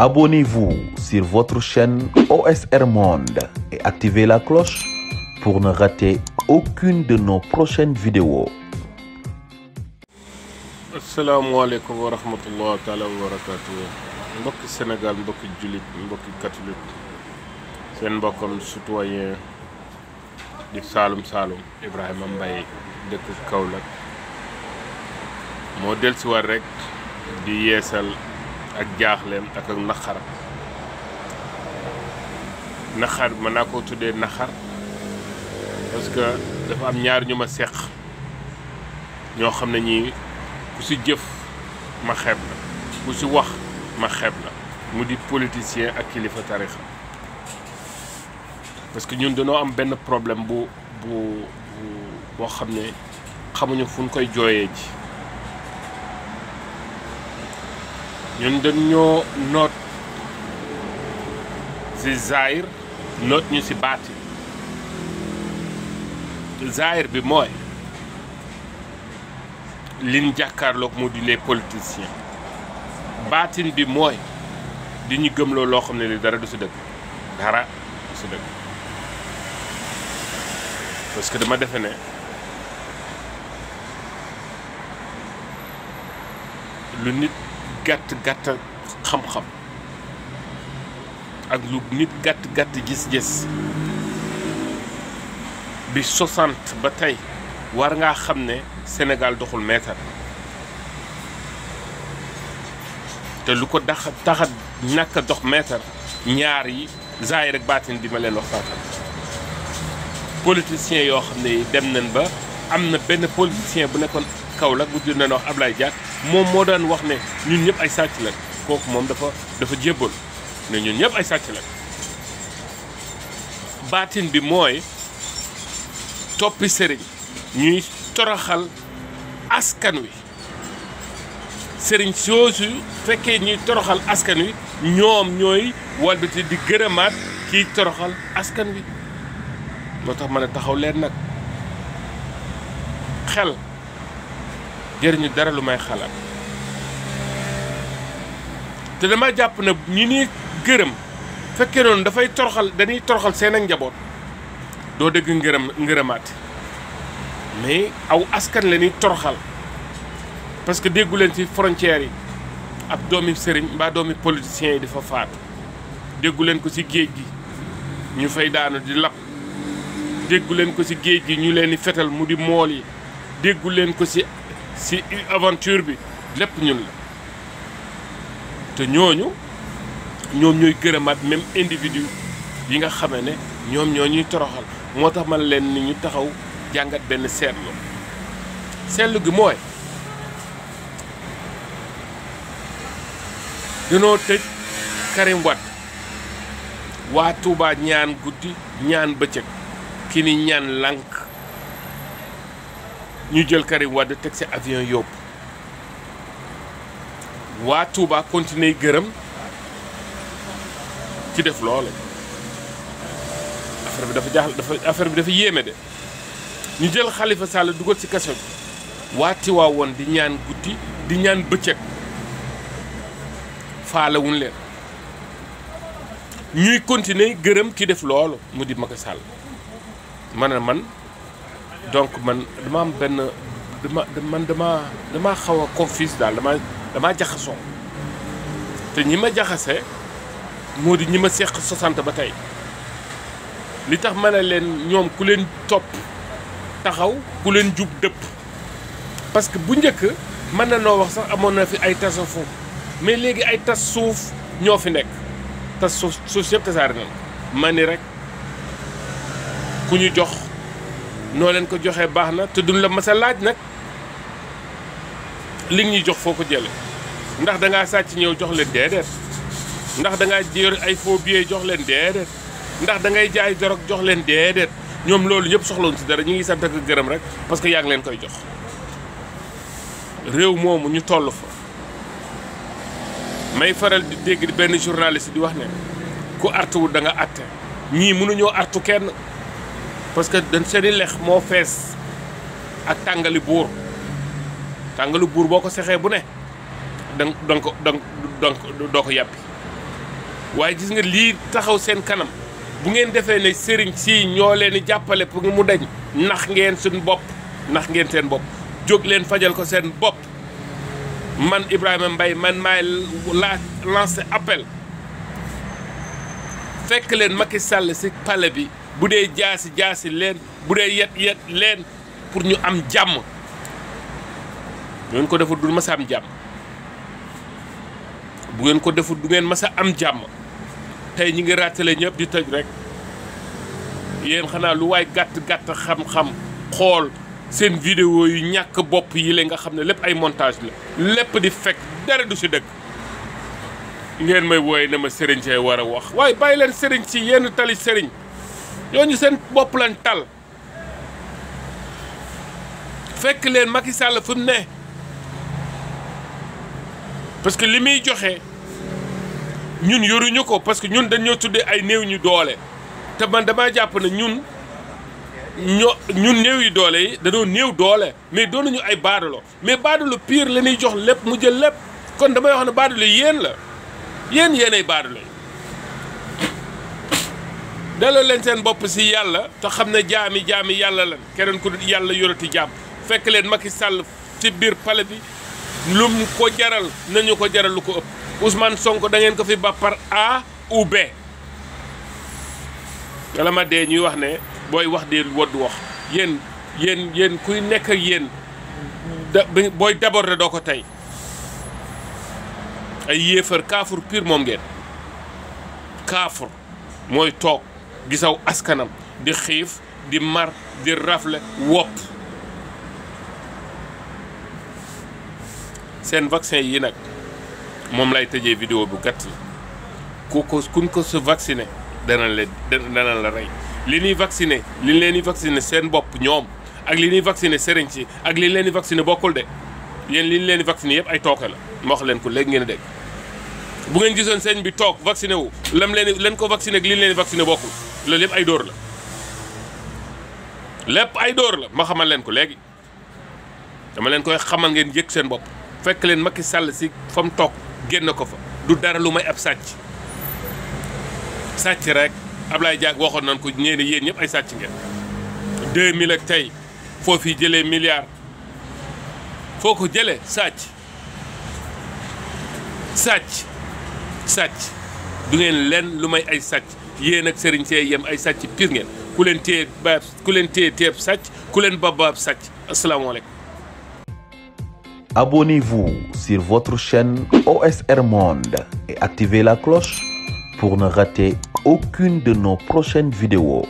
Abonnez-vous sur votre chaîne OSR Monde et activez la cloche pour ne rater aucune de nos prochaines vidéos. mbokki catholique seen mbokkam citoyen di Saalum Saalum Ibrahima Mbaye dëkk Kaolack moo dellusiwaat rek di yeesal ak jaaxleem ak ak naqaram naqar mën naa koo tuddee naqar parce que dafa am ñaar ñu ma seq ñoo xam ne ñi ku si jëf ma xeeb la ku si wax ma xeeb la mu di politicien ak kilifa tarixa parce que ñun dañoo am benn problème bu bu boo xam ne xamuñu fu ñu koy jooyee ji ñun dem ñoo noot si zaahir noot ñu si baatin zaahir bi mooy liñ jàkkaarloog moo di les politiciens baatin bi mooy di ñu gëmloo loo xam ne li dara du si dëgg dara du si dëgg parce que dama defe ne lu nit gàtt-gàtt xam-xam ak lu nit gàtt-gàtt gis-gis bi 60 ba tey war nga xam ne senegal doxul meetar te lu ko dax taxa ñàkk dox meetar ñaar yi zaahir ak baatin bi ma leen wax waxtaatal politiciens yoo xam ne dem nañ ba am na benn politicien bu nekkoon Kaolack bu jur nañ wax Ablaye Diack moom moo daan wax ne ñun ñëpp ay sàcc la kooku moom dafa dafa jébbal ne ñun ñëpp ay sàcc la baatin bi mooy toppi sëriñ ñuy toroxal askan wi sëriñ soosu fekkee ñuy toroxal askan wi ñoom ñooy walbati di gërëmaat kiy toroxal askan wi moo tax ma ne taxaw leen nag xel jëriñu dara lu may xalaat te dama jàpp ne ñu ni gërëm fekkee noonu dafay torxal dañuy torxal seen ak njaboot doo dégg ngërëm ngërëmaat mais aw askan la ñuy torxal parce que déggu leen ci frontières yi ab doomi sëriñ mbaa doomi politiciens yi dafa faatu déggu leen ko ci géej gi ñu fay daanu di lap déggu leen ko ci géej gi ñu leen di fetal mu di mool yi déggu leen ko ci ci aventure bi lépp ñun la te ñooñu ñoom ñuy gërëmaat même individu yi nga xame ne ñoom ñoo ñuy toroxal moo tax man leen ni ñu taxaw jàngat benn seetlu seetlu gi mooy danoo tëj Karim waa Touba ñaan guddi ñaan bëccëg ki ni ñaan lànk ñu jël Karim Wade teg si avion yóbbu waa Touba continuer gërëm ci def loole affaire bi dafa jaaxal dafa affaire bi dafa yéeme de ñu jël xalifa Sall dugal ci kaso bi waa Tiwaawoon di ñaan guddi di ñaan bëccëg faalewuñ leen ñuy continuer gërëm ki def loolu mu di Macky Sall man a man donc man dama am benn dama man dama damaa xaw a confuse daal dama damaa jaxasoo te ñi ma jaxase moo di ñi ma seq 60 ba tey li tax ma ne leen ñoom ku leen topp taxaw ku leen jub dëpp parce que bu njëkk mën na noo wax sax amoon na fi ay tasawuf mais léegi ay tas suuf ñoo fi nekk tas suuf suuf yëpp tasaare nañ ma ni rek ku ñu jox noo leen ko joxee baax na te duñ la masa laaj nag li ñuy jox foo ko jële ndax da ngaa sàcc ñëw jox leen déedéet ndax da ngaa jër ay faux billets jox leen déedéet ndax da ngay jaay dorog jox leen déedéet ñoom loolu yëpp soxlawuñ si dara ñu ngi sant ak gërëm rek parce que yaa ngi leen koy jox réew moomu ñu toll fa may faral di dégg benn journaliste di wax ne ku artuwul da nga atte ñii mënuñoo artu kenn parce que dañ seeni lex moo fees ak tàngali buur tàngalu buur boo ko sexee bu ne dang dang ko dang doo ko yàppi waaye gis nga lii taxaw seen kanam bu ngeen defee ne sëriñ sii ñoo leen di jàppale pour mu dañ nax ngeen suñ bopp nax ngeen seen bopp jóg leen fajal ko seen bopp man Ibrahima mbay man maay laa lancé appel fekk leen Macky Sall ci palais bi bu dee jaasi jaasi leen bu dee yet yet leen pour ñu am jàmm ngeen ko deful du am jàmm bu ngeen ko defut du ngeen masa am jàmm tey ñi ngi ràttale ñëpp di tëj rek yéen xanaa lu waay gàtt-gàtt xam-xam xool seen vidéo yu ñàkk bopp yi la nga xam ne lépp ay montage la lépp di fekk dara du si dëgg ngeen may wooye ne ma sëriñ see war a wax waaye bàyyi leen sëriñ si yenn tali sëriñ ñooñu seen bopp lan tal fekk leen Macky Sall fu ne parce que li muy joxe ñun yoruñu ko parce que ñun dañoo tuddee ay néew ñu doole te man damaa jàpp na ñun ño ñun néew yu doole yi dañoo néew doole mais doonuñu ay baadalo mais baadalo pire la ñuy jox lépp mu jël lépp kon damay wax ne baadalo yéen la. yéen yéenay baadoolo yi delloo leen seen bopp si yàlla te xam ne jaami jaami yàlla lan keneen ku dul yàlla yorati jaam fekk leen Macky sàll ci biir pale bi lum ko jaral nañu ko jaral lu ko ëpp Ousmane Sonko dangeen ko fi ba par A ou B wala ma dee ñuy wax ne booy wax di wodd wax yéen yéen yéen kuy nekk ak yéen da booy d'abord doo ko tey ay yéefar kaafur piir moom ngeen kaafur mooy toog gisaw askanam di xiif di mar di rafle wopp seen vaccin yi nag moom lay tëjee vidéo bu gàtt la ku ko kuñ ko su vacciné dana la dana la rey li ñuy vacciné li leen di seen bopp ñoom ak li ñuy vacciné sëriñ si ak li leen di vacciné bokkul de yéen li leeni di vacciné yëpp ay tooke la ma wax leen ko léegi ngeen dégg bu ngeen gisoon sëñ bi toog vacciné wu lam leen leen ko vacciné ak li leen vacciné bokkul loolu lépp ay dóor la lépp ay dóor la ma xamal leen ko léegi dama leen koy xamal ngeen yëg seen bopp fekk leen Macky sàll si fa mu toog génn ko fa du dara lu may ab sàcc sàcc rek Ablaye Diak waxoon nañ ko ñeene yéen ñëpp ay sàcc ngeen 2000 ak tey foo fi jëlee milliard foo ko jëlee sàcc sàcc sàcc du ngeen lenn lu may ay sàcc yéen ak sëriñ see yem ay sàcc piir ngeen ku leen téye baab ku leen téye téyeb ku leen babaab sàcc asalaamaaleykum Abonnez-vous sur votre chaîne OSR Monde et activez la cloche pour ne rater aucune de nos prochaines vidéos.